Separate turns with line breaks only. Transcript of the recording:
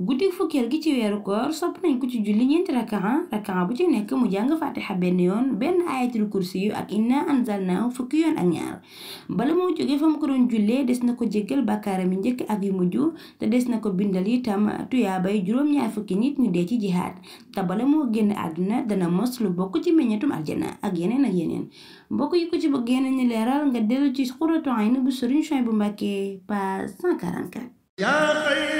guddi fukkeel gi ci weeru koor sopp nañ ko ci julli ñeenti rakaan rakaan bu ci nekk mu jàng fatixa benn yoon benn ayatul kursi yu ak inna anzalnaahu fukki yoon ak ñaar bala moo fa mu ko doon des na ko jéggal bàkkaaram yi njëkk ak yu mujj te des na ko bindal itam tuyaabay juróom-ñaar fukki nit ñu dee ci jihaad te bala moo génn àdduna dana moslu lu bokk ci meññetum aljana ak yeneen ak yeneen mbokk yi ko ci bëgg yeneen ñu leeral nga dellu ci xuratu ayn bu sëriñ Suwaybu bu Mbàkke page 144